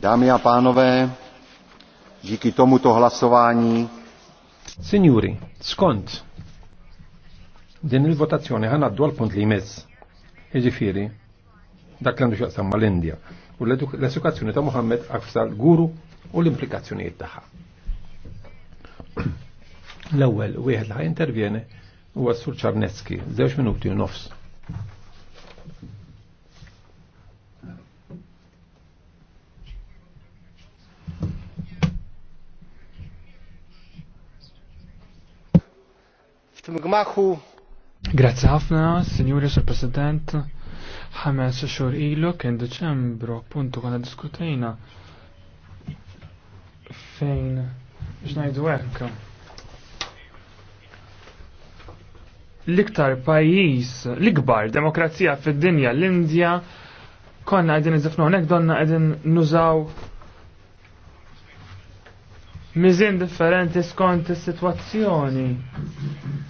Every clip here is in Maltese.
Dámy a pánové, díky tomuto hlasování. Signori, skont. Din il-votazzjoni ħana għaddu għal-punt li jmezz. Iġifiri, dak l-għandu xaqsam mal-Indja u l-edukazzjoni ta' Muhammed Afsal Guru u l-implikazzjonijiet tagħha. L-ewwel wieħed li ħajintervjeni huwa Sur Czarnecki, żewġ minuti u nofs. w Grazie ħafna, Signori Sur President. Ħames xhur ilu kien Deċembru appuntu konna diskutejna fejn x'ngħidu hekk. L-iktar pajjiż, l-ikbar demokrazija fid-dinja l-Indja konna qegħdin iżifnu hekk donna qegħdin nużaw mizin differenti skont is-sitwazzjoni.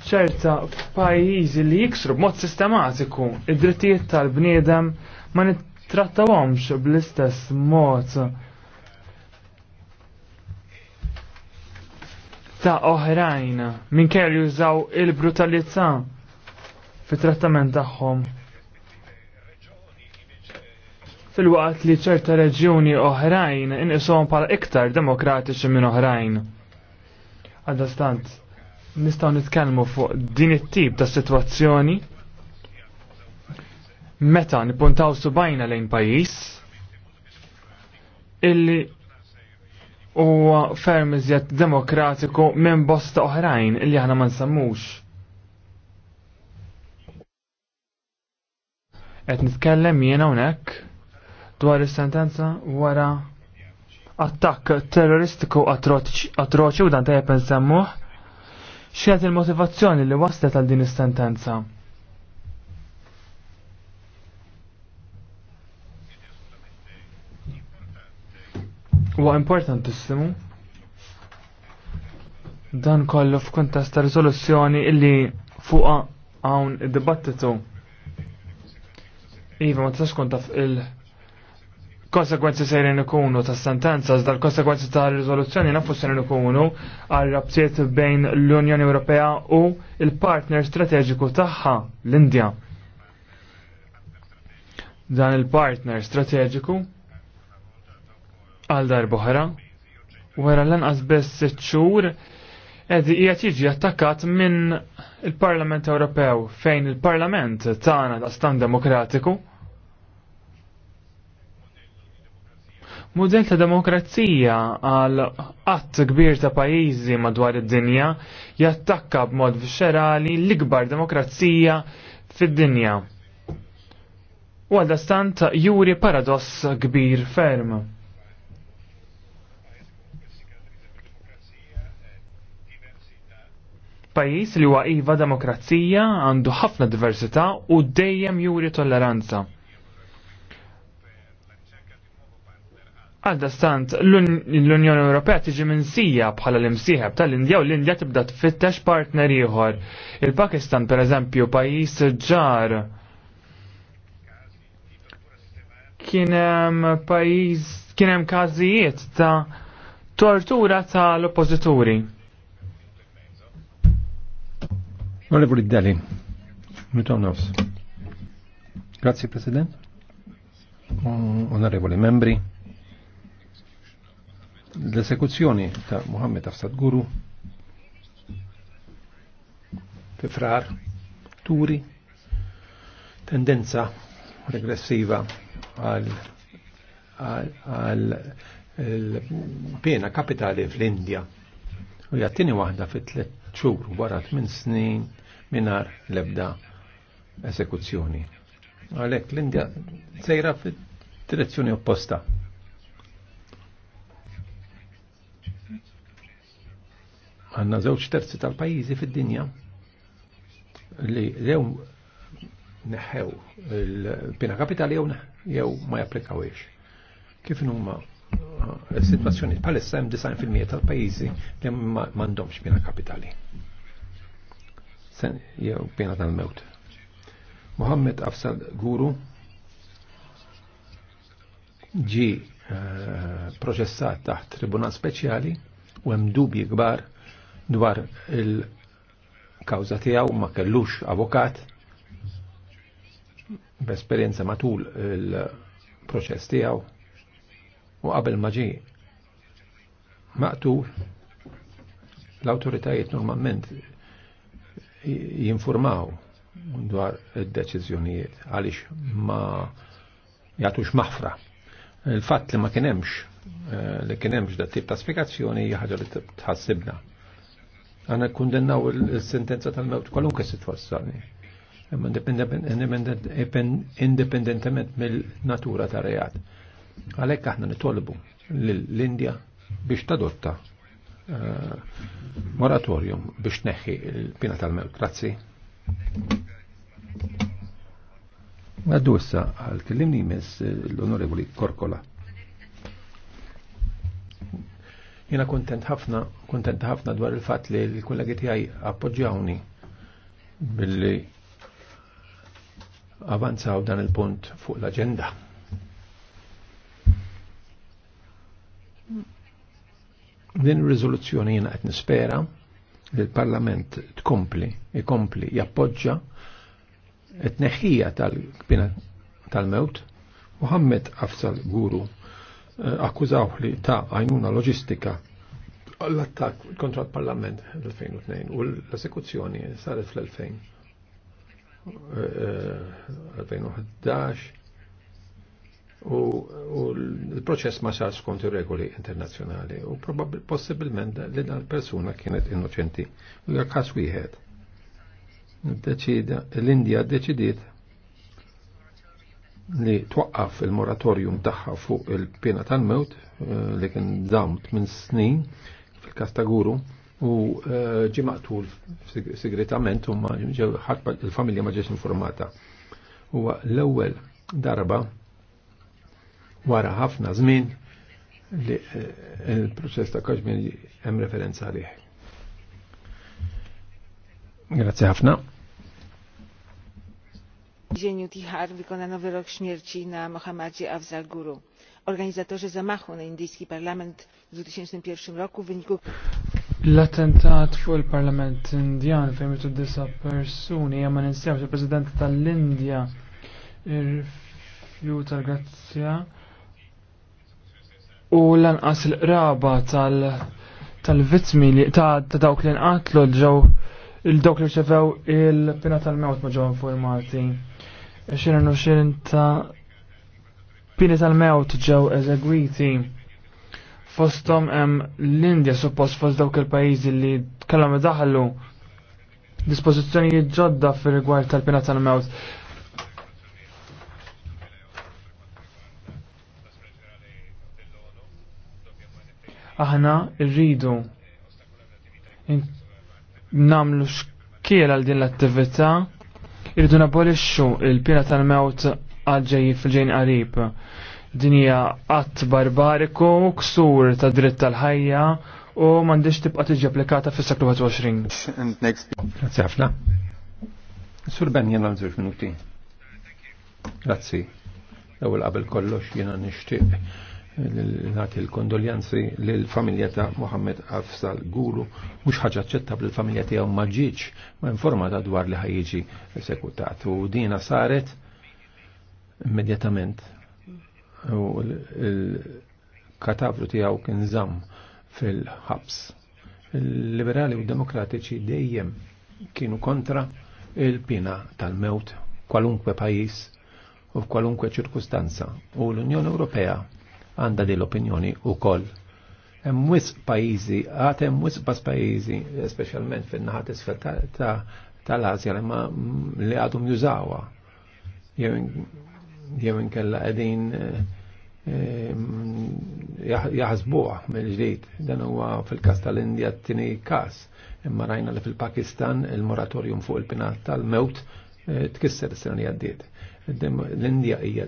ċerta pajjiżi li jiksru b'mod sistematiku id-drittijiet tal-bniedem ma nittrattawhomx bl-istess mod ta' oħrajn minn kell jużaw il-brutalità fit-trattament tagħhom fil-waqt li ċerta reġjuni oħrajn inqishom bħala iktar demokratiċi minn oħrajn. Għaldastant, nistgħu nitkellmu fuq din it-tip ta' sitwazzjoni meta nipuntaw subajna lejn pajjiż illi huwa ferm iżjed demokratiku minn bosta oħrajn illi aħna ma nsammux. Qed nitkellem jiena hawnhekk dwar is-sentenza wara attakk terroristiku atroċi u dan tajjeb nsemmuh x'kienet il-motivazzjoni li waslet għal din is-sentenza. Wa importantissimu dan kollu f'kuntest ta' riżoluzzjoni illi fuqa hawn id-dibattitu. Iva, ma tistax kun taf il- konsekwenzi sejrin ikunu ta' sentenza, iżda l-konsekwenzi ta' rizoluzzjoni nafu sejrin ikunu għal rabtiet bejn l-Unjoni Ewropea u il-partner strateġiku tagħha l-Indja. Dan il-partner strateġiku għal darbohra wara lanqas biss sitt xhur Edi qiegħed jiġi attakkat minn il-Parlament Ewropew fejn il-Parlament tagħna ta' Stand demokratiku Mudell ta' demokrazija għal qatt kbir ta' pajjiżi madwar id-dinja jattakka b'mod viscerali l-ikbar demokrazija fid-dinja. U għal stant juri paradoss kbir ferm. Pajjiż li huwa iva demokrazija għandu ħafna diversità u dejjem juri tolleranza. Għalda stant, l-Unjoni Ewropea tiġi minn sija bħala l-imsieħeb tal-Indja u l-Indja tibda tfittex partner ieħor. Il-Pakistan, per eżempju, pajis ġar. Kienem pajis, kienem kazijiet ta' tortura ta' l-oppozituri. Onorevoli Dali, minuto Grazie President, onorevoli membri l-esekuzzjoni ta' Muhammed Afsad Guru fi frar turi tendenza regressiva għal għal pena kapitali fl-Indja u jattini wahda fit tlet xhur wara minn snin minar lebda esekuzzjoni. Għalek l-Indja sejra fit direzzjoni opposta. Għanna żewġ terzi tal-pajjiżi fid-dinja li jew neħew il-pina kapitali jew jew ma japplikawiex. Kif huma eh, situazzjoni palissa hemm fil-mija tal-pajjiżi li m'għandhomx pina kapitali. Sen jew pina tal-mewt. Muhammed Afsad Guru ġi eh, proċessat taħt tribunal speċjali u hemm dubji kbar dwar il-kawza tiegħu ma kellux avokat b'esperjenza matul il-proċess tiegħu u qabel maġi maqtu maqtul l-awtoritajiet normalment jinformaw dwar id-deċiżjonijiet għaliex ma jagħtux maħfra. Il-fatt li ma kienemx eh, li kienemx dat tip ta' spiegazzjoni hija li tħassibna. Għana kundennaw il-sentenza tal-mewt kwalunkwe situazzjoni. Imma indipendentement mill-natura ta' reat. Għalek aħna nitolbu l-Indja biex tadotta eh, moratorium biex neħi il-pina tal-mewt. Grazzi. Għaddu issa għal-kellimni mis l-onorevoli Korkola. Jena kontent ħafna, kontent ħafna dwar il-fat li l-kollegi tiegħi appoġġjawni billi avanzaw dan il-punt fuq l-agenda. Din riżoluzzjoni jena qed nispera li l-Parlament tkompli, ikompli, jappoġġa it-neħħija tal-kbina tal-mewt Muhammed Afsal Guru Eh, akkużaw li ta' għajnuna loġistika l-attak kontra l-Parlament l-2002 u l-esekuzzjoni saret fl eh, eh, 2011 u l-proċess ma sar skont regoli internazzjonali u possibilment li dan persuna kienet innoċenti. U jekk wieħed. l india deċidiet li twaqqaf il-moratorium tagħha fuq il-pena tal-mewt eh, li kien dam minn snin fil-kas ta' guru u eh, ġi maqtul segretament u il-familja ma ġiex informata. U l-ewwel darba wara ħafna żmien li eh, il-proċess ta' kaxmin hemm referenza għalih. Grazie ħafna więzieniu Tihar wykonano wyrok śmierci na Mohammadzie Afzal Guru. Organizatorzy zamachu na indyjski parlament w 2001 roku w wyniku L-attentat fuq il-Parlament Indjan fejn mitu disa persuni jemma ninsewx il-President tal-Indja ir-rifju tal-Grazzja u lanqas il-qraba tal-vittmi li ta' dawk li nqatlu ġew il-dawk li ċevew il-pina tal-mewt ma ġew informati. 20 ta' pini tal-mewt ġew eżegwiti fostom em l-Indja suppost fost dawk il pajizi li kellhom idaħlu dispożizzjonijiet ġodda fir-rigward tal-pina tal-mewt. Aħna rridu namlu xkiel għal din l-attività Irridu nabolixxu il-pjena tal-mewt għalġejji fil-ġejn qarib. hija qatt barbariku, ksur ta' dritt tal-ħajja u m'għandix tibqa' tiġi applikata fis-seklu 21. Grazzi ħafna. Sur Ben jiena l-żewġ minuti. Grazzi. Ewwel qabel kollox jiena nixtieq nagħti l-kondoljanzi lill-familja ta' Muhammad Afsal Guru mhux ħagġa ċetta bil familja tiegħu ma maġġiċ ma informata dwar li ħajjiġi esekutat u dina saret immedjatament u l-katavru tiegħu kien żamm fil-ħabs. Il-liberali u demokratiċi dejjem kienu kontra il-pina tal-mewt kwalunkwe pajis u kwalunkwe ċirkustanza. U l-Unjoni Ewropea għandha din l-opinjoni wkoll. Hemm mwis pajjiżi, għad hemm bas pajjiżi, specialment fin-naħat isfel tal-Asja li għadhom jużawha. Jew inkella qegħdin eh, eh, jaħsbuha mill-ġdid. Dan huwa fil-każ tal-Indja t-tieni każ. Imma rajna li fil-Pakistan il-moratorium fuq il-pinat tal-mewt eh, tkisser is-sena li għaddiet l indija hija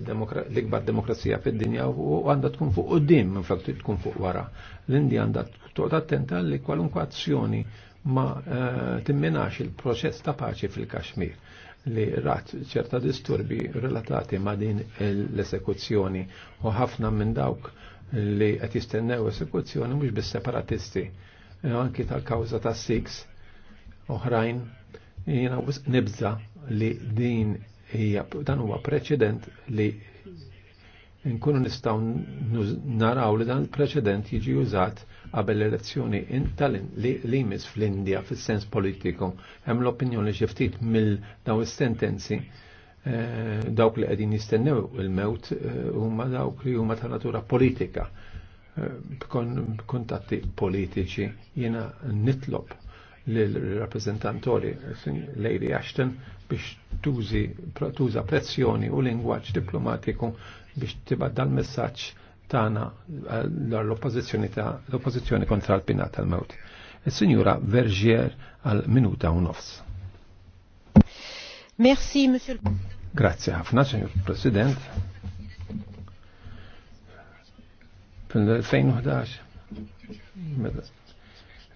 l-ikbar demokrazija fid-dinja u għandha tkun fuq qudiem minn flok tkun fuq wara. L-Indja għandha toqgħod attenta li kwalunkwe azzjoni ma eh, timminax il-proċess ta' paċi fil-Kaxmir li rat ċerta disturbi relatati ma' din l-esekuzzjoni u ħafna minn dawk li qed jistennew esekuzzjoni mhux bis-separatisti eh, anki tal-kawża tas-Sikhs oħrajn jiena nibża li din dan huwa preċedent li nkunu nistgħu naraw li dan il-preċedent jiġi użat qabel elezzjoni li jmiss fl-Indja fis-sens politiku. Hemm l-opinjoni xi ftit mill daw is-sentenzi eh, dawk li qegħdin jistennew il-mewt eh, huma dawk li huma ta' natura politika eh, kontatti politiċi jiena nitlob lill rappresentantori Lady Ashton biex tużi tuża pressjoni u lingwaċ diplomatiku biex tibad dal-messaġġ tana eh, l oppozizjoni ta' l-oppożizzjoni kontra l-bina tal-mewt. il sinjura Vergier għal minuta u nofs. Merci, Monsieur Grazie ħafna, Signor President. Fil-2011,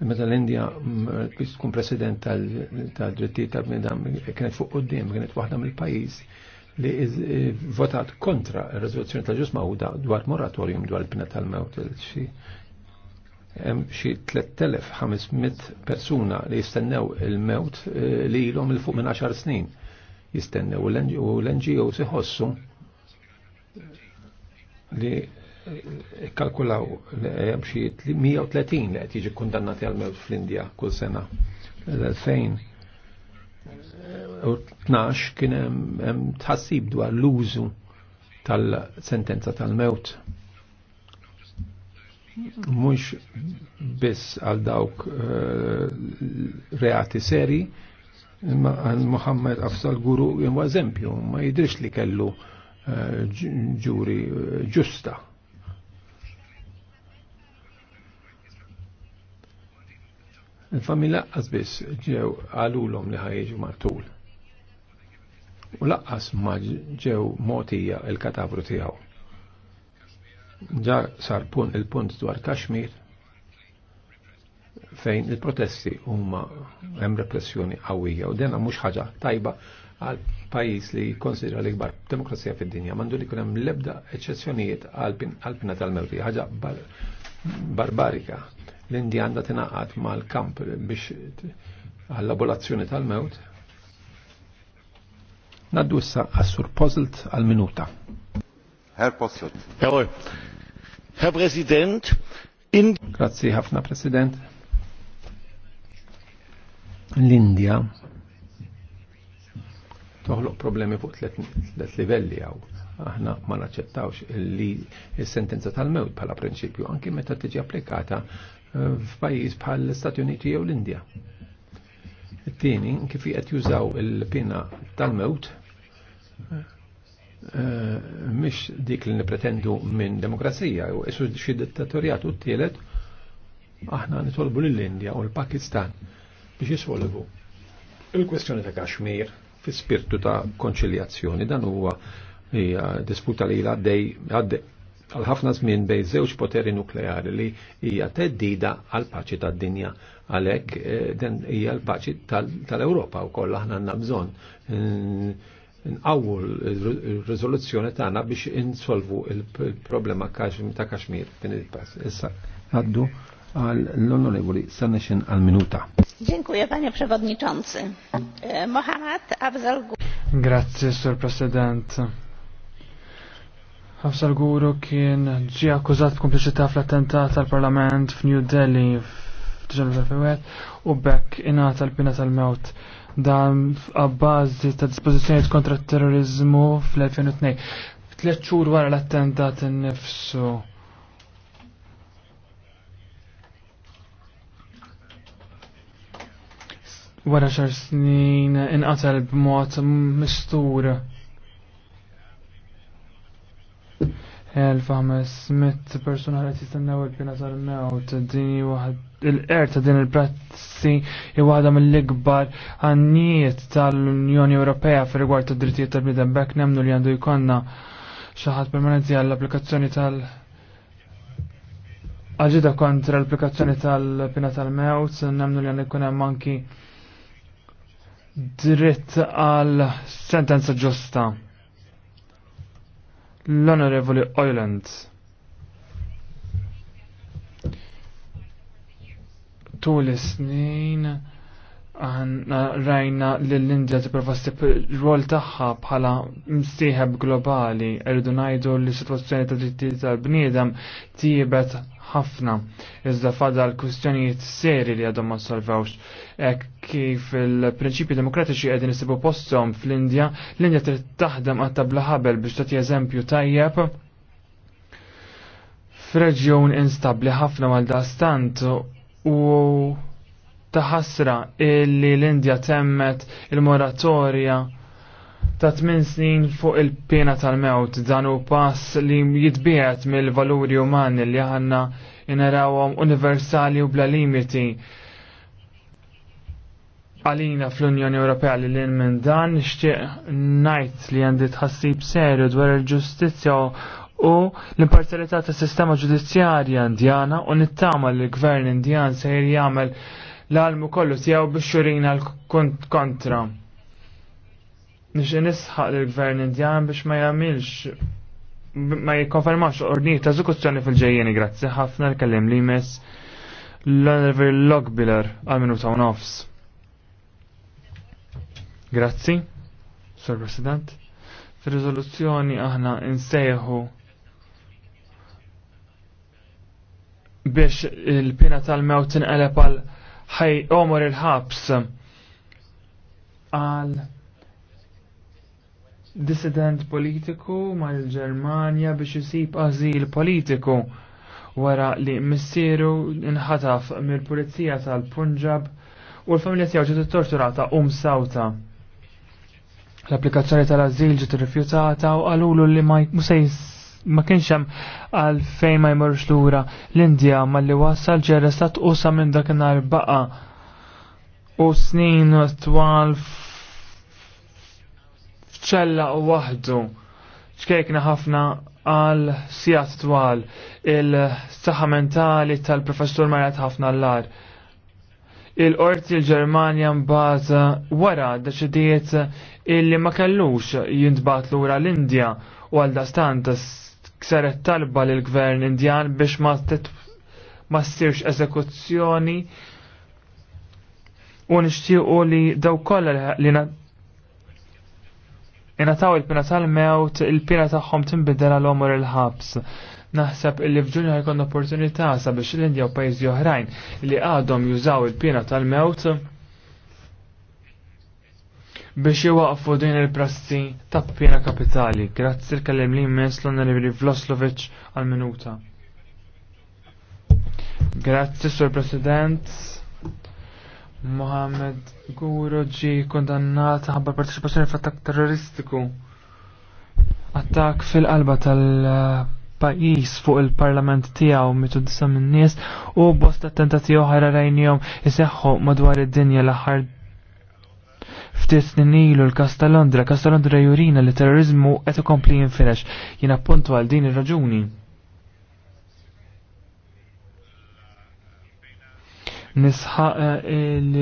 Meta l-Indja mm, tkun president tal-drittijiet tal bnidam kienet fuq qudiem, kienet waħda mill-pajjiż li votat kontra r-rezoluzzjoni tal-ġus mawda dwar moratorium dwar il-bina tal-mewt hemm xi 3500 persuna li jistennew il-mewt eh, li ilhom il fuq minn 10 snin jistennew u l-NGOs iħossu li kalkulaw eh, xi 130 li qed jiġi kundannati għal mewt fl-Indja kull sena. L-2012 eh, kien hemm tħassib dwar l-użu tal-sentenza tal-mewt. Mhux biss għal dawk eh, reati seri, imma għal Muhammad Afsal Guru huwa eżempju, ma jidrix li kellu ġuri ġusta Il-familja laqqas biss ġew għalulhom li ħajġu martul. U laqqas ma ġew motija il-katabru tiegħu. Ġa sar pun il-punt dwar Kashmir fejn il-protesti huma hemm repressjoni qawwija u dena mhux ħaġa tajba għal pajjiż li jikkonsidra l-ikbar demokrazija fid-dinja m'għandu li jkun hemm l-ebda eċċezzjonijiet għal pina tal-mewti, ħaġa barbarika l-Indija għandha tingħaqad mal-kamp biex għall-abolazzjoni tal-mewt. Naddu issa għassur Puzzlet għal-minuta. Herr Puzzlet. Jawohl. Herr President, in... Grazzi ħafna, President. L-Indja toħloq problemi fuq tlet livelli għaw. Aħna ma naċċettawx li s-sentenza tal-mewt bħala prinċipju, anki meta tiġi applikata f'pajjiż bħal l-Stati Uniti jew l-Indja. It-tieni kif qed jużaw il-pina tal-mewt eh, mhix dik li nipretendu minn demokrazija jew isu xi dittatorjat u t-tielet aħna nitolbu lill-Indja u l-Pakistan biex jisolvu il-kwestjoni ta' Kashmir fi spirtu ta' konċiljazzjoni dan huwa eh, disputa li għaddej għal ħafna żmien bejn żewġ poteri nukleari li hija teddida għal paċi tad-dinja għalhekk eh, den hija l-paċi tal-Ewropa wkoll aħna għandna bżonn eh, nqawwu r-riżoluzzjoni tagħna biex insolvu il-problema ta' Kaxmir din il-pass. Issa għaddu għal l-onorevoli Sanexin għal minuta. Dziękuję panie przewodniczący. Eh, Mohamed Abzalgu. Grazie, sur President. Hafsar Guru kien ġi akkużat b'kompliċità fl-attentat tal-Parlament f'New Delhi f'Ġenova tal-Fewet u bekk ingħata l-pina tal-mewt dan għabbażi ta' dispożizzjonijiet kontra terrorizmu fl-2002. Tliet xhur wara l-attentat innifsu. Wara xar snin inqatel b'mod mistur 1500 persuna li tistennew il pina tal-mewt, dini waħad il-qer ta' din il-prazzi i waħda mill-ikbar għannijiet tal-Unjoni Ewropea fi rigward ta' drittijiet tal bidem bekk nemnu li għandu jkonna xaħat permanenti għall-applikazzjoni tal- Aġida kontra l-applikazzjoni tal pina tal-mewt, nemnu li għandu jkun hemm anki dritt għal sentenza ġusta l-Onorevoli Oiland. Tul is-snin għanna rajna l-Indja t-prova rol taħħa bħala msieħeb globali, rridu najdu li situazzjoni ta' drittijiet tal-bniedem tibet ħafna. Iżda fadal kwistjonijiet seri li għadhom ma solvawx. Ek kif il-prinċipji demokratiċi qegħdin isibu posthom fl-Indja, l-Indja trid taħdem għatta tabla ħabel biex tagħti eżempju tajjeb f'reġjun instabli ħafna mal dastant u taħasra illi l-Indja temmet il-moratorja il moratorja ta' 8 snin fuq il-pena tal-mewt dan u pass li jitbiet mill-valuri umani li għanna inarawhom universali u bla limiti għalina fl-Unjoni Ewropea li l-in minn dan nixtieq najt li għandi tħassib serju dwar il-ġustizzja u l imparzialità tas sistema ġudizzjarja indjana u nittama li l-gvern indjan se jagħmel l-almu kollu tiegħu biex xurina l-kontra nixin nisħaq l-gvern indjan biex ma jamilx ma jikonfermax ordni ta' zukuzzjoni fil-ġejjeni grazzi ħafna l-kellim li jmiss l-Oliver Logbiller għal minuta u nofs. Grazzi, Sir President. Fir-riżoluzzjoni aħna insejħu biex il-pina tal-mewt inqeleb għal ħaj omor il-ħabs għal dissident politiku mal-Ġermanja biex jisib azil politiku wara li missieru inħataf mill-Pulizija tal-Punjab u l-familja tiegħu ġiet torturata um sawta. L-applikazzjoni tal-azil ġiet irrifjutata u għalulu li ma ma kienx hemm għalfejn ma jmorx lura l-Indja malli wassal ġie arrestat tqusa minn dakinhar baqa' u snin twal ċella u waħdu ċkejkna ħafna għal sijat twal il-saħħa mentali tal-professur Marjat ħafna l-lar. Il-qorti l-Ġermanja mbagħad wara deċidiet illi ma kellux l lura l-Indja u għal dastant ksaret talba lill-gvern Indjan biex ma ma ssirx eżekuzzjoni u nixtiequ li daw kolla li jenataw il-pina tal-mewt, il-pina taħħom timbidela l-omur il-ħabs. Naħseb li fġunju ħajkon opportunità sabiex l-Indja u pajjiżi oħrajn li għadhom jużaw il-pina tal-mewt biex jwaqfu din il-prassi ta' pina kapitali. Grazzi l-kallim li jmiss l-onorevoli Vloslovic għal-minuta. Grazzi, Sur President. Mohamed Guru ġi kondannat ħabba partecipazzjoni f'attak terroristiku. Attak fil-qalba tal-pajis fuq il-parlament tiegħu mitu disa min-nies u bosta attentati oħra rajnijom iseħħu madwar id-dinja l-aħħar ftit snin l-kas tal-Londra, kastalondra Kastalondra londra jurina li terrorizmu qed ikompli jinfinex. Jien appuntu għal din ir-raġuni. nisħaq eh,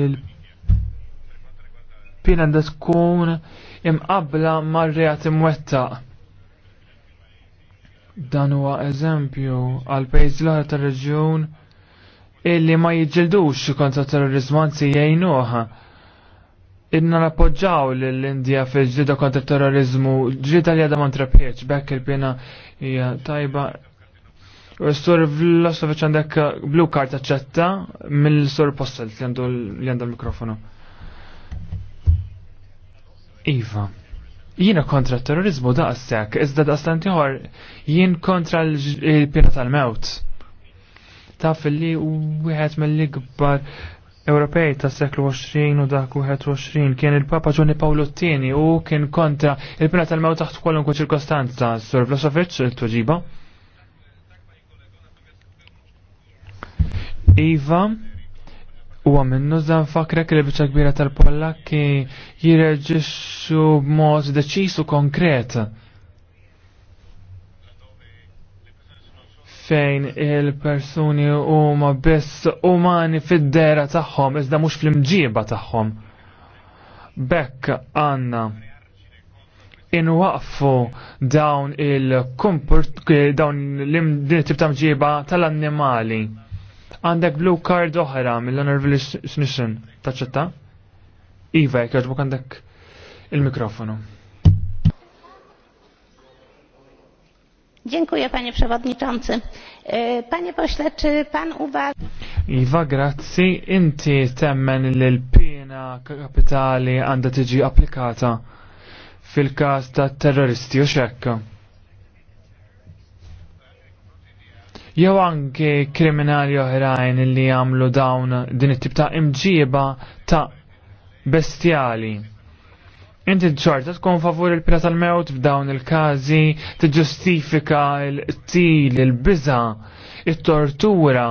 il-pina da tkun imqabla mar-reati Dan huwa eżempju għal pejż l-oħra reġjun illi ma jiġildux kontra terrorizmu anzi jgħinuha. Idna nappoġġaw l-Indija fil-ġlida kontra terrorizmu ġlida li għadha ma ntrapieċ bekk il pina hija tajba Sur Vlasovic għandek blu kart ċetta mill-sur Postel li għandu l-mikrofonu. Iva. Jiena kontra terrorizmu daqstek, iżda daqstan tiħor jien kontra l pina tal-mewt. fil li wieħed mill-ikbar Ewropej ta' seklu 20 u dak 21 kien il-Papa Ġoni Paolo Tieni u kien kontra il pina tal-mewt taħt kwalunkwe ċirkostanza. Sur Vlasovic, il-tuġiba. Iva, u għamennu zan fakrek li bieċa kbira tal ki jirreġiċu b'mod deċisu konkret. fejn il-persuni huma biss umani fid-dera tagħhom iżda mhux fl mġiba tagħhom. Bekk għandna inwaqfu dawn il-kumpurt dawn l mġiba tal-annimali. Għandek blue card oħra mill-Honorable Snisson, taċċetta? Iva, jkħġbuk għandek il-mikrofonu. Dziękuję panie przewodniczący. E, panie pośle, czy pan uważa... Iva, grazzi. Inti temmen li l-pina kapitali għanda tiġi applikata fil-kas ta' terroristi u xekka. jew anke kriminali oħrajn li jagħmlu dawn din it-tip ta' imġieba ta' bestjali. Inti ġorta tkun favur il-pira tal-mewt f'dawn il każi tiġustifika il-til, il biża it tortura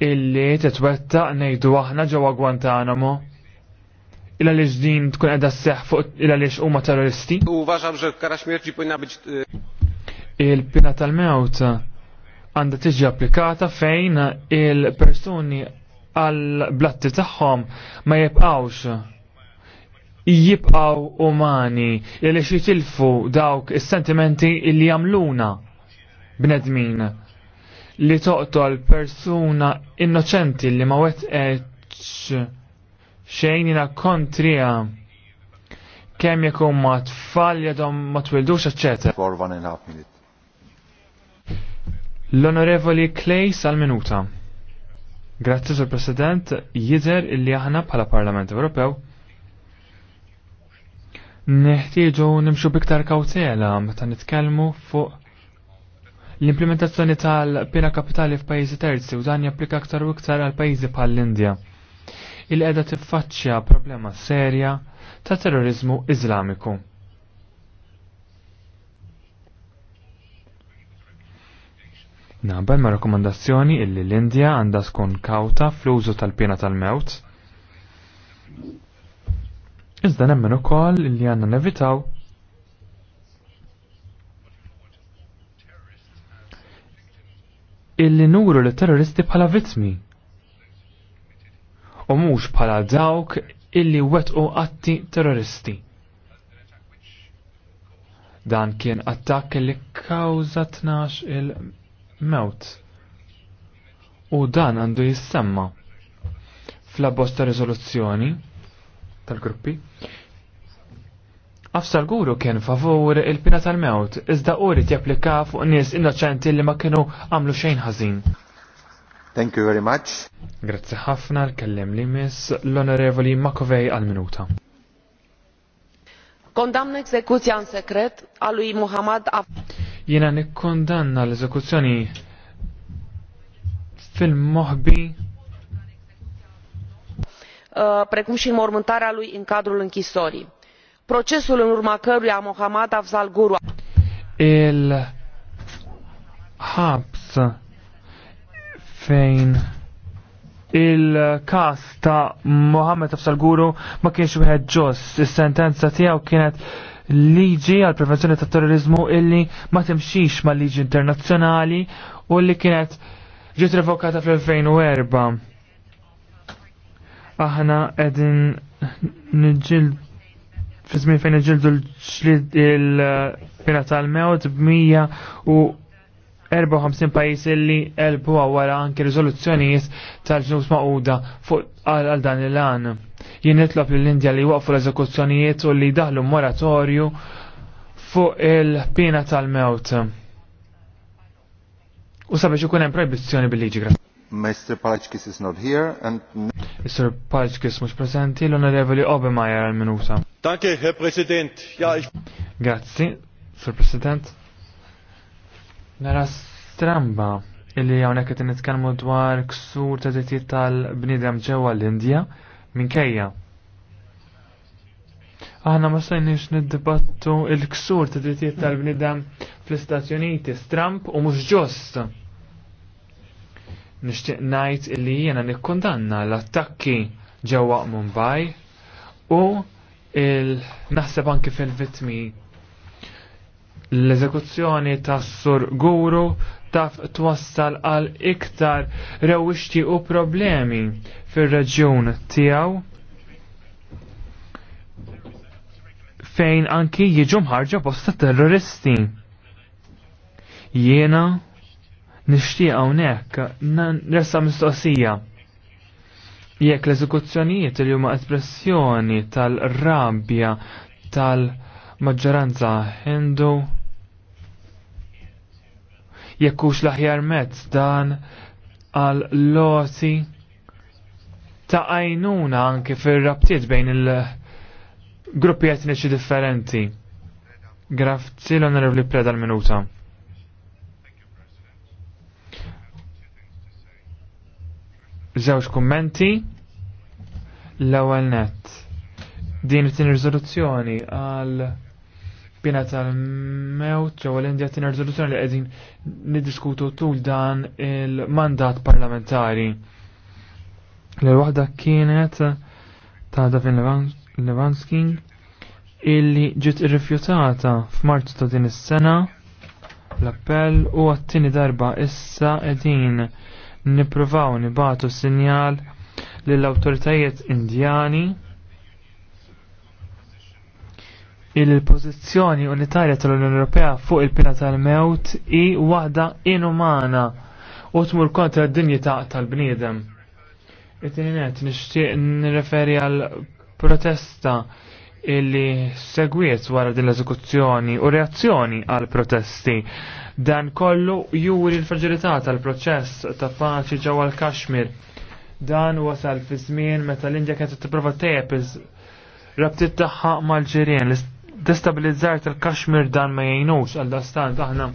illi titwetta ngħidu aħna ġewwa Guantanamo. Ila li ġdin tkun qiegħda sseħħ fuq ila li huma terroristi. Uważam, że kara śmierci powinna być Il-pina tal-mewt għandha tiġi applikata fejn il-persuni għal blatti tagħhom ma jibqawx jibqaw umani illi xi tilfu dawk is-sentimenti li jamluna bnedmin li għal persuna innoċenti li ma wetqetx xejn jina kontrija kemm jekum ma tfal jadhom ma twildux eċċetera. For one and a half minute. L-Onorevoli Clay Salmenuta. minuta Grazzi sur President, jider illi aħna bħala Parlament Ewropew neħtieġu nimxu biktar kawtela meta nitkellmu fuq l-implementazzjoni tal-pena kapitali f'pajjiżi terzi u dan japplika aktar u iktar għal pajjiżi bħal l-Indja. Il-qiegħda tiffaċċja problema serja ta' terrorizmu Iżlamiku. Naqbel ma' rakkomandazzjoni illi l-Indja għandha tkun kawta fl-użu tal-pena tal-mewt. Iżda nemmen ukoll illi għandna nevitaw illi nuru li terroristi bħala vittmi. U mhux bħala dawk illi wetqu atti terroristi. Dan kien attakk li kawża tnax il- mewt. U dan għandu jissemma fl abbosta ta' riżoluzzjoni tal-gruppi. Afsar Guru kien favur il-pina tal-mewt, iżda urit japplika fuq nies innoċenti li ma kienu għamlu xejn ħażin. Thank you very much. Grazzi ħafna l-kellem li miss l-Onorevoli Makovej għal-minuta. Kondamna ekzekuzja sekret għal-lui Muhammad Af. Jiena nikkondanna l-eżekuzzjoni fil mohbi uh, precum și înmormântarea lui în cadrul închisorii. Procesul în urma căruia Mohammad Afzal Guru il ħabs fejn il-kas ta' Mohammed Afzal Guru ma kienx wieħed ġoss, is-sentenza tiegħu kienet liġi għal prevenzjoni ta' terrorizmu illi ma temxix ma' liġi internazzjonali u li kienet ġiet revokata fl-2004. Aħna qegħdin nġil fi żmien fejn nġildu l-pena tal-mewt b 54 pajis illi elbu għawara anki rizoluzzjonijiet tal-ġnus maquda fuq għal dan il-għan. Jien nitlob l-Indja li waqfu l-eżekuzzjonijiet u li daħlu moratorju fuq il-pina tal-mewt. U sabiex ikun hemm proibizzjoni bil-liġi Mr. Palachkis is not here and Mr. Palachkis mhux preżenti l-Onorevoli Obemeyer għal-minuta. Danke, Herr President. Ja, ich... Grazzi, Sir President. Nara stramba illi hawnhekk qed nitkellmu dwar ksur ta' titjib tal-bniedem ġewwa l-Indja minkejja. Aħna ma sejniex niddibattu il-ksur ta' titjib tal-bniedem fl-Istati Uniti, Trump u mhux ġost. Nixtieq ngħid illi jiena nikkundanna l-attakki ġewwa Mumbai u il-naħseb anki fil-vitmi L-eżekuzzjoni ta' Sur Guru taf twassal għal iktar rewishti u problemi fir-reġjun tiegħu fejn anki jiġu ħarġa bosta terroristi. Jiena nixtieq hawnhekk nressa mistoqsija. Jekk l-eżekuzzjonijiet li huma espressjoni tal-rabja tal-maġġoranza Hindu jekkux l-aħjar mezz dan għal loti ta' għajnuna anke fir-rabtiet bejn il-gruppi etniċi differenti. Grazzi l-onorevli preda l-minuta. Żewġ kummenti l-ewwel nett. Din it-tieni riżoluzzjoni għal bina tal-mewt ġewwa l-Indja tin riżoluzzjoni li qegħdin niddiskutu tul dan il-mandat parlamentari. L-waħda kienet ta' Davin Levanski illi ġiet irrifjutata f'Marzu ta' din is-sena l-appell u għattini darba issa qegħdin nippruvaw nibatu sinjal lill-awtoritajiet Indjani il-pożizzjoni unitarja tal-Unjoni Ewropea fuq il-pina tal-mewt i waħda inumana u tmur kontra d-dinjità tal-bniedem. It-tiniet nixtieq nirreferi għal protesta illi segwiet wara din l-eżekuzzjoni u reazzjoni għal protesti. Dan kollu juri l-fragilità tal-proċess ta' paċi ġewwa l-Kashmir. Dan wasal fi żmien meta l-Indja kienet tipprova tepis rabtiet tagħha mal-ġirien destabilizzar tal-Kashmir dan ma jgħinux għal dastan aħna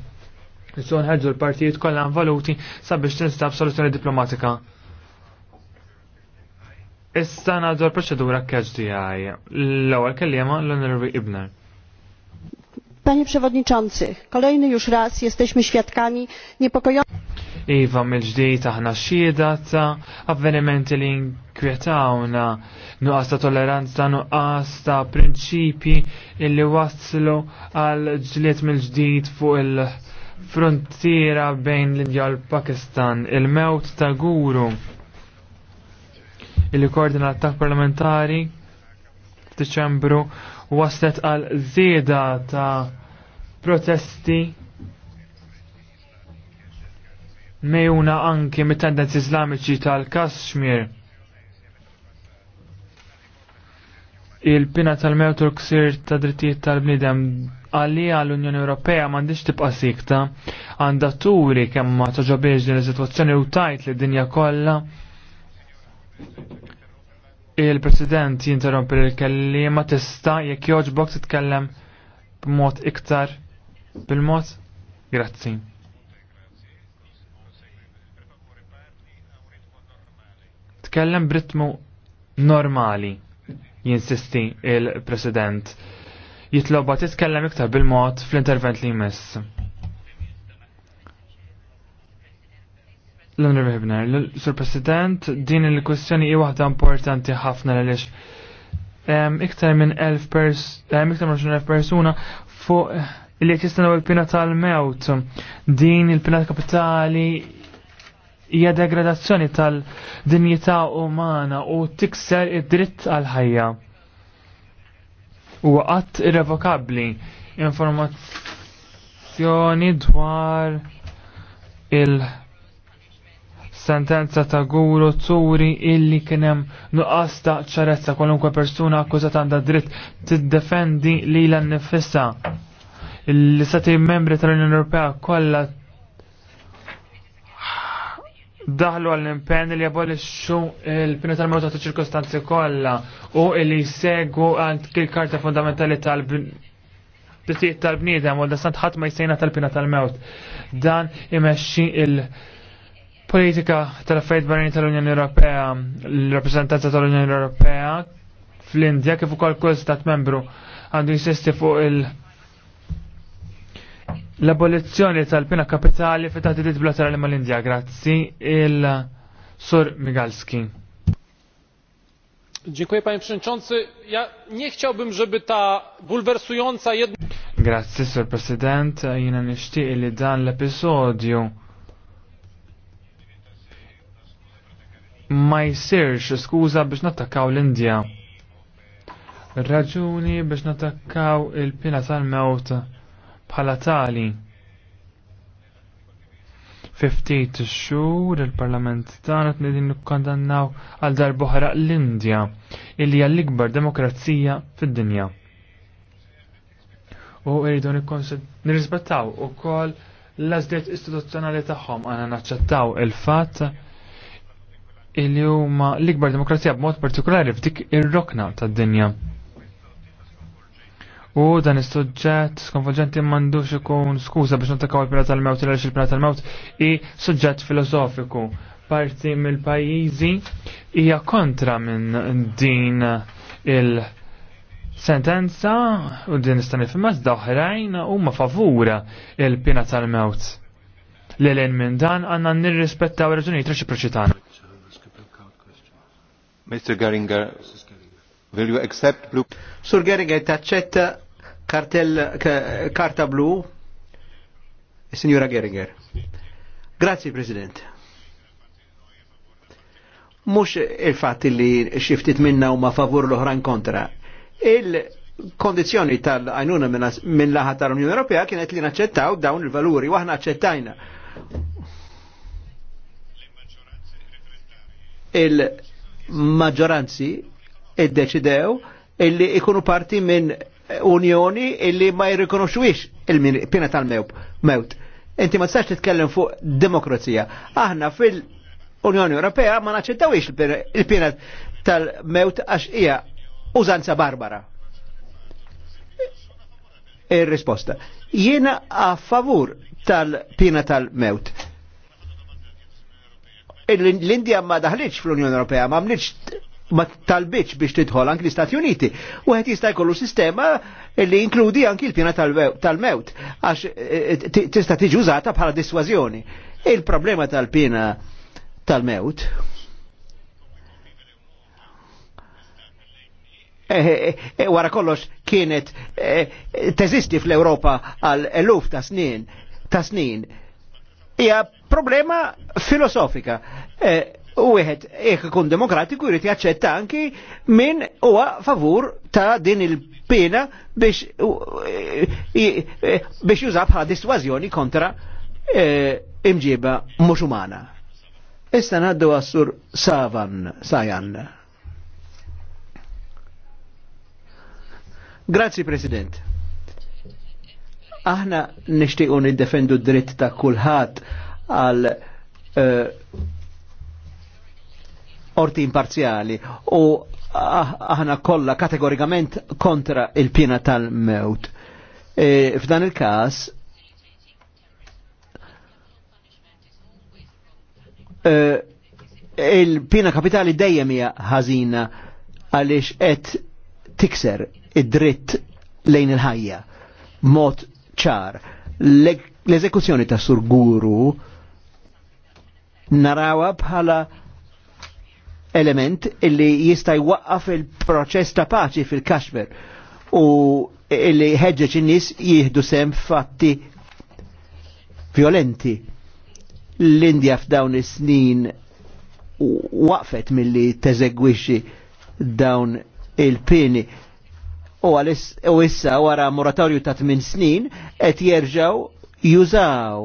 nistgħu nħeġġu l-partijiet kollha valuti sabiex tinstab soluzzjoni diplomatika. Issa nagħdu l-proċedura kkeġ tiegħi. L-ewwel kelliema l-Onorevoli Ibner. Panie Przewodniczący, kolejny już raz jesteśmy świadkami niepokojących. Iva mill-ġdijt aħna xieda ta' avvenimenti li inkwietawna nuqqas ta' tolleranza, nuqqas ta' prinċipi illi waslu għal ġliet mill-ġdijt fuq il-frontiera bejn l-Indja u l-Pakistan, il-mewt ta' guru illi koordinat attak parlamentari f'Diċembru waslet għal zieda ta' protesti mejuna anki mit-tendenzi islamiċi tal-Kashmir. Il-pina tal-mewt u ksir ta' drittijiet tal-bnidem għalija l-Unjoni Ewropea m'għandix tibqa' sikta għandha turi kemm ma toġobiex din is-sitwazzjoni u tajt li dinja kollha. Il-President jinterrompi l-kellima tista' jekk jogħġbok titkellem b'mod iktar bil-mod. Grazzi. titkellem b'ritmu normali, jinsisti il-President. Jitloba titkellem iktar bil-mod fl-intervent li jmiss. L-Onrev Hibner, sur President, din il-kwestjoni i waħda importanti ħafna għaliex iktar minn 1000 1000 persuna fuq li jtistennaw il-pina tal-mewt. Din il-pina kapitali hija degradazzjoni tal-dinjità umana u tikser id-dritt għal ħajja. Huwa qatt irrevokabbli informazzjoni dwar il-sentenza ta' guru turi illi kienem nuqqas ta' ċarezza kwalunkwe persuna akkużata għandha dritt tiddefendi lilha nnifisha l sati membri tal-Unjoni Ewropea kollha daħlu għall-impenn li jabolixxu il-pinu tal-mewta ta' ċirkostanzi kollha u li jsegu għand il-karta fundamentali tal-bniet tal-bniedem u da sant ħadd ma jsejna tal-pina tal-mewt. Dan imexxi il- Politika tal-affarijiet barranin tal-Unjoni Ewropea, l-rappresentanza tal-Unjoni Ewropea fl-Indja kif ukoll kull stat membru għandu jsisti fuq il- L-abolizzjoni tal-pina kapitali fi taħdidiet bilaterali mal-Indja, grazzi, il-Sur Migalski. Dziękuję panie przewodniczący. Ja nie chciałbym, żeby ta bulwersująca jedna... Grazie, sir President, jina nishtiq ili dan l-episodju ma jsirx skuża biex nattakkaw l-Indja. Raġuni biex nattakkaw il-pina tal-mewt bħala tali. Fiftit xhur il-Parlament tagħna qed nidin nikkondannaw għal darbohra l-Indja illi hija l-ikbar demokrazija fid-dinja. U rridu nirrispettaw ukoll l-għażliet istituzzjonali tagħhom għana naċċettaw il-fatt illi huma l-ikbar demokrazija b'mod partikolari f'dik ir-rokna tad-dinja. U dan is-suġġett skonvolġenti m'għandux ikun skuża biex nattakaw il-pera tal-mewt il il-pera tal-mewt i suġġett filosofiku. Parti mill-pajjiżi hija kontra minn din il-sentenza u din nista' daħrajn oħrajn huma favura il-pena tal-mewt. L-elen minn dan għandna nirrispettaw ir-raġunijiet reċiproċi tagħna. Mr. Geringer, will you accept blue? Sur Geringer, taċċetta kartel karta blu, signora Geringer. Grazie, President. Mux il-fat li xiftit minna u ma favur l-oħran kontra. Il-kondizjoni tal ajnuna minn laħa tal-Unjoni Ewropea kienet li naċċettaw dawn il-valuri, waħna aċċettajna. Il-maġġoranzi id-deċidew illi ikunu parti minn unjoni illi ma jirrikonoxwix il-pina tal-mewt. Inti ma tistax titkellem fuq demokrazija. Aħna fil-Unjoni Ewropea ma naċċettawix il-pina tal-mewt għax hija użanza barbara. Ir-risposta. Jiena a favur tal-pina tal-mewt. L-Indija ma daħliċ fl-Unjoni Ewropea, ma mniċ ma talbiċ biex tidħol anki l-Istati Uniti. U għet jista' jkollu sistema li inkludi anki l-pjena tal-mewt, għax eh, eh, tista' tiġi użata bħala diswazjoni. Il-problema tal-pjena tal-mewt eh, wara kollox kienet teżisti fl-Europa għal eluf ta' snin ta' snin. Hija problema filosofika u wieħed eħk kun demokratiku jrid jaċċetta anki min huwa favur ta' din il-pena biex e, biex jużab bħal kontra e, imġiba mhux umana. Issa ngħaddu għassur sur Savan Sajan. Grazzi President. Aħna nishtiqun niddefendu d-dritt ta' kulħadd għal e, orti imparziali u ah, aħna kolla kategorikament kontra il pina tal-mewt. E, F'dan il kas e, il pina kapitali dejjem hija ħażina għaliex qed tikser id-dritt lejn il-ħajja mod ċar. L-eżekuzzjoni ta' surguru narawa bħala element illi jista' jwaqqaf il-proċess ta' paċi fil-Kaxmer u illi ħeġġeġ in-nies jieħdu sem fatti violenti. L-Indja f'dawn is-snin waqfet milli teżegwixxi dawn il-pini u u issa wara moratorju ta' 8 snin qed jerġgħu jużaw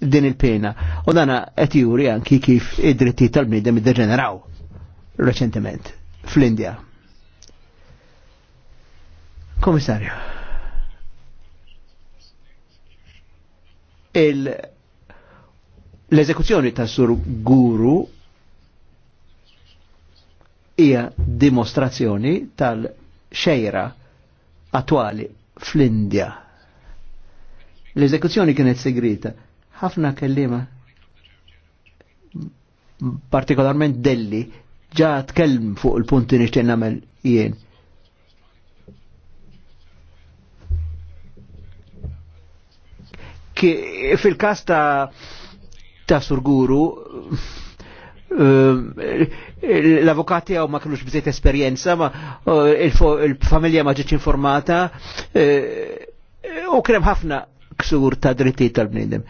din il-pena. U dana qed juri anki kif id-dritti tal-bniedem iddeġeneraw reċentement fl india Komissarju, l-eżekuzzjoni ta' sur guru hija dimostrazzjoni tal-xejra attuali fl india L-eżekuzzjoni kienet segreta. Ħafna kellima partikolarment delli ġat tkellm fuq il-punti nixtieq nagħmel jien. Fil-każ ta' ta' Surguru um, l-avukati għaw ma kellux bżejt esperienza, ma uh, il-familja ma ġietx informata uh, u krem ħafna ksur ta' drittijiet tal-bnidem.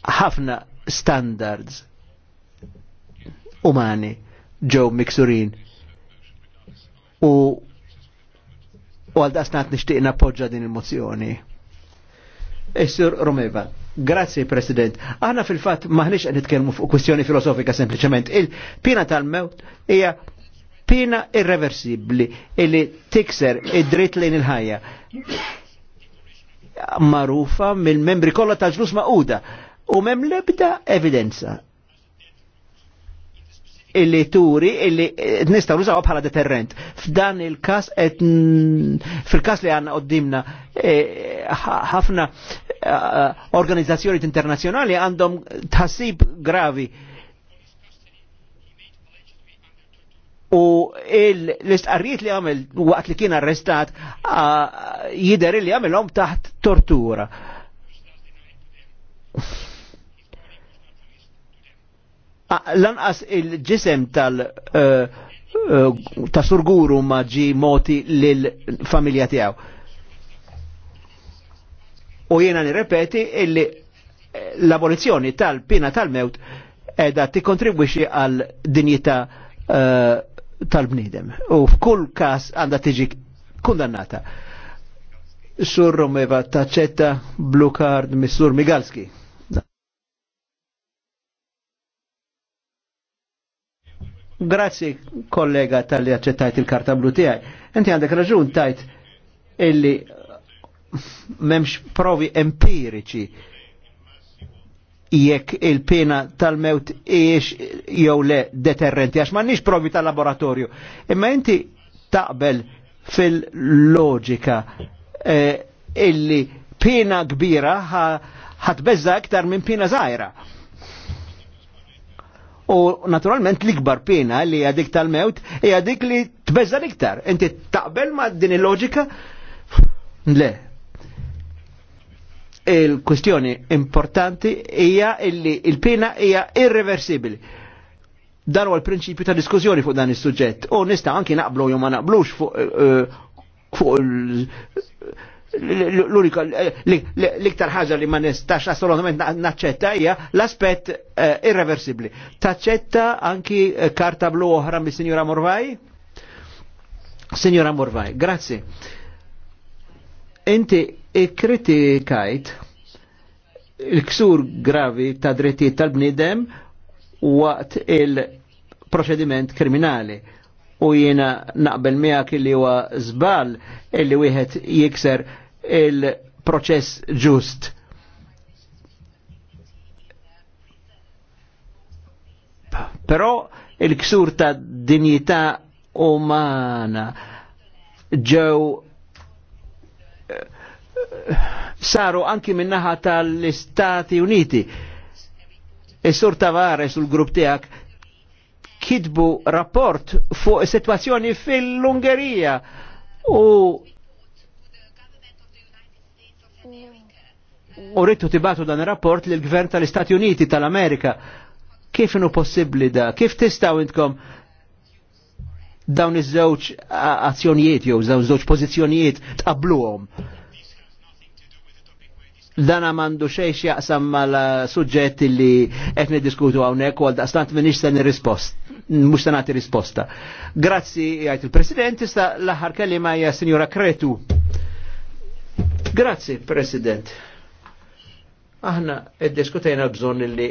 ħafna standards umani ġew miksurin. U u għal daqsnat nishtiq din il-mozzjoni. Issur eh, Romeva, grazie President. Aħna fil-fat maħniex qed nitkellmu fuq kwestjoni filosofika sempliċement. Il-pina tal-mewt hija pina irreversibbli illi tikser id-dritt lejn il-ħajja. Marufa mill-membri kollha tal-ġlus maquda u mem lebda evidenza illi turi illi eh, nistaw nużaw bħala deterrent. F'dan il-kas fil-kas li għanna għoddimna, eh, ħafna eh, organizzazzjoni internazjonali għandhom tħassib gravi U l istqarriet li għamil waqt li kien arrestat jider li għamilhom taħt tortura. Ah, lanqas il-ġisem tal- eh, eh, ta' surguru ma ġi moti lill-familja tiegħu. U jiena nirrepeti illi eh, l-abolizzjoni tal-pina tal-mewt edha kontribwixi għal dinjità tal-bnidem. U f'kull każ għandha tiġi kundannata. Sur Romeva taċċetta blue card Missur Migalski. Grazzi kollega tal-li accettajt il-karta blu tijaj. Inti għandek raġun tajt illi memx provi empiriċi jekk il-pena tal-mewt iex jew le deterrenti, għax ma nix provi tal-laboratorju. Imma inti taqbel fil-loġika eh, illi pena kbira bezza aktar minn pena zaħira. U naturalment l-ikbar pena li għadik tal-mewt hija dik li tbezza iktar. Inti taqbel ma' din il-loġika? Le. il kustjoni importanti hija illi il-pena hija irreversibili. Dan huwa l-prinċipju ta' diskussjoni fuq dan is-suġġett. U nista' anki naqblu jew ma naqblux fuq eh, eh, fuq l-unika eh, l-iktar ħaġa li ma nistax assolutament naċċetta hija l-aspett eh, irreversibbli. Taċċetta anki eh, karta blu oħra mis sinjora Morvaj? Sinjora Morvaj, grazzi. Inti kritikajt il-ksur gravi ta' drittijiet tal-bnidem waqt il-proċediment kriminali u jiena naqbel miegħek li huwa żball illi wieħed jikser il-proċess ġust. Però il-ksur ta' dinjità umana ġew eh, saru anki minnaħa tal-Istati Uniti. Is-sur e Tavares u grupp tiegħek kitbu rapport fuq is-sitwazzjoni fil-Ungerija u u rittu tibatu dan il-rapport li l-gvern tal-Istati Uniti tal-Amerika. Kif inu possibli da? Kif tistaw intkom dawn iż-żewġ azzjonijiet jew dawn iż-żewġ pożizzjonijiet tqabluhom? Dan mandu xejn jaqsam mal-suġġetti li qed niddiskutu hawnhekk u għaldaqstant m'iniex se nirrispost. Mhux se nagħti risposta. Grazzi jgħid il-President, tista' l-aħħar kelliema hija Sinjura Kretu. Grazzi, President. Aħna id-diskutajna bżon li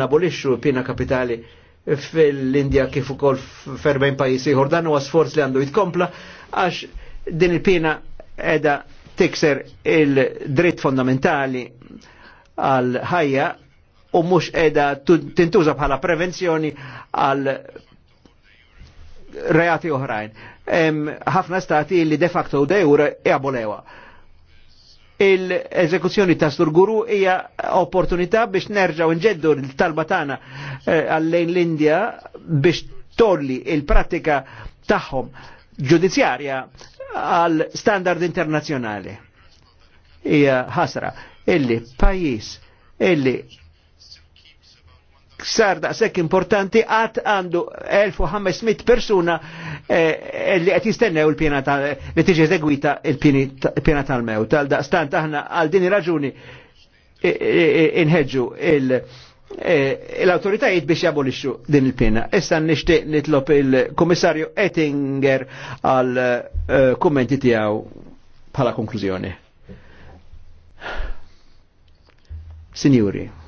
nabolixxu pina kapitali fil-Indja kif ukoll f'erbejn pajjiż ieħor dan huwa sforz li għandu jitkompla għax din il-pina qiegħda tikser il-dritt fondamentali għal ħajja u mhux qiegħda tintuża bħala prevenzjoni għal reati oħrajn. Ħafna stati li de facto dejura jabolewa. E il-eżekuzzjoni ta' Sturguru hija opportunità biex nerġaw nġeddu l-talba tagħna eh, għallejn eh, l-Indja biex tolli il-pratika tagħhom ġudizzjarja għal standard internazzjonali. Hija ħasra illi pajjiż illi da daqshekk importanti għad għandu 1500 persuna eh, eh, li qed jistennew il-pjena li tiġi eżegwita il-pjena tal-mewt. da stant aħna għal din raġuni inħeġġu il- eh, l-autoritajiet biex jabolixxu din il-pena. Issa nixtieq nitlob il-Kummissarju Ettinger għal eh, kummenti tiegħu bħala konklużjoni. Signori.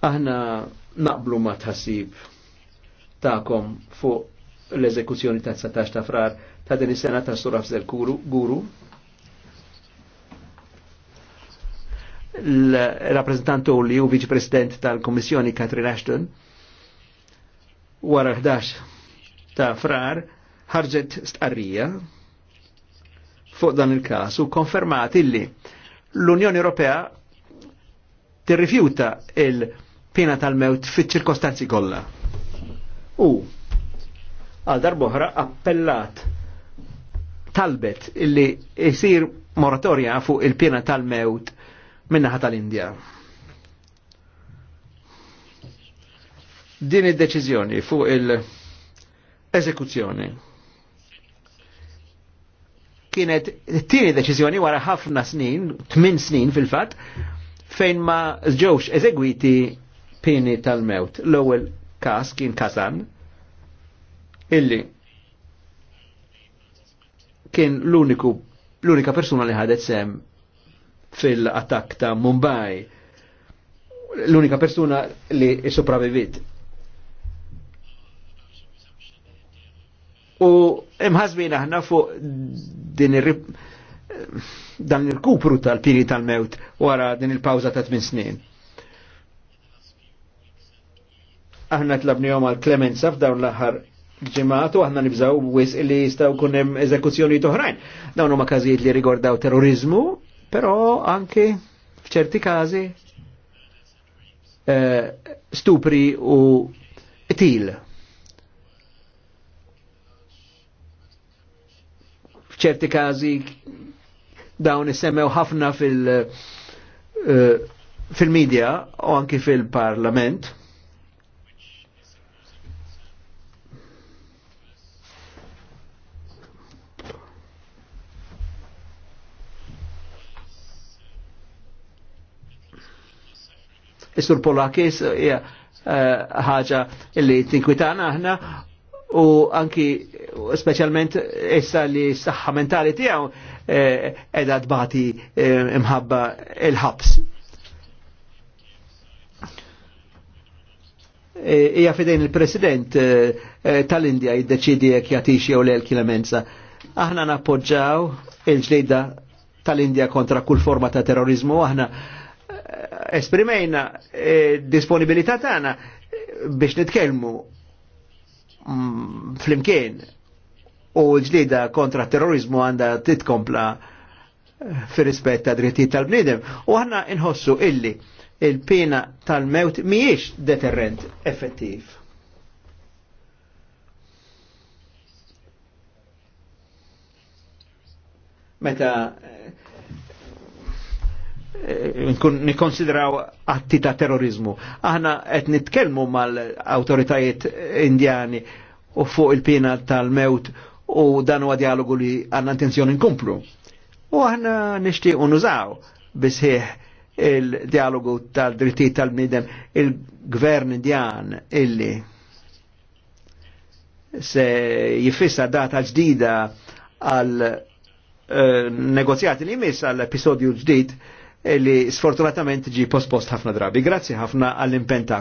Aħna naqblu ma tħassib ta'kom fuq l-eżekuzzjoni ta' 19 ta' frar ta' din is-sena ta' Suraf Zel Guru. L-rappresentantu li u viċi president tal kummissjoni Catherine Ashton wara 11 ta' frar ħarġet stqarrija fuq dan il-kas u konfermat illi l-Unjoni Ewropea tirrifjuta il-, -il pena tal-mewt fit ċirkostanzi kollha. U għal darboħra appellat talbet illi jisir moratorja fuq il-pena tal-mewt minnaħa tal-Indja. Din id-deċiżjoni fuq il-eżekuzzjoni kienet t-tieni deċiżjoni wara ħafna snin, 8 snin fil-fatt, fejn ma ġewx eżegwiti pini tal-mewt. L-ewwel każ kien Kazan illi kien l-uniku l-unika persuna li ħadet sem fil-attak ta' Mumbai. L-unika persuna li sopravvivit. U imħazmin aħna fuq din ir dan il-kupru tal pini tal-mewt wara din il-pawza ta' 8 snin. aħna tlabnijom għal klemenza f'dawn l-aħħar ġematu aħna nibżaw wis li jistaw kunem eżekuzzjoni toħrajn. Dawn huma każijiet li rigordaw terrorizmu, però anke f'ċerti każi eh, stupri u til. F'ċerti każi dawn issemmew ħafna fil- eh, fil-medja u anki fil-parlament Is-sur Polakis eh, ħaġa li tinkwitana aħna u anki specialment issa li s-saxħa mentali tijaw eh, edha tbati eh, imħabba il-ħabs. Ija fidejn il-president tal-Indija jiddeċidi jek jatix jew l kilemenza. Aħna nappoġġaw il-ġlida tal-Indija kontra kull forma ta' terrorizmu, aħna esprimejna eh, disponibilità tagħna eh, biex nitkellmu mm, flimkien u l-ġlida kontra terrorizmu għanda titkompla eh, fi rispett ta' drittijiet tal-bnidem. U għanna inħossu illi il-pena tal-mewt miex deterrent effettiv. Meta nikonsidraw atti ta' terrorizmu. Aħna qed nitkellmu mal-awtoritajiet indjani u fuq il-pina tal-mewt u dan huwa dialogu li għandna intenzjoni nkumplu. U aħna u nużaw bisħieħ il-dialogu tal-drittijiet tal-bniedem il-gvern indjan illi se jifissa data ġdida għal eh, negozjati li jmiss għal episodju ġdid li sfortunatament ġi pospost ħafna drabi. Grazzi ħafna għall-impenta.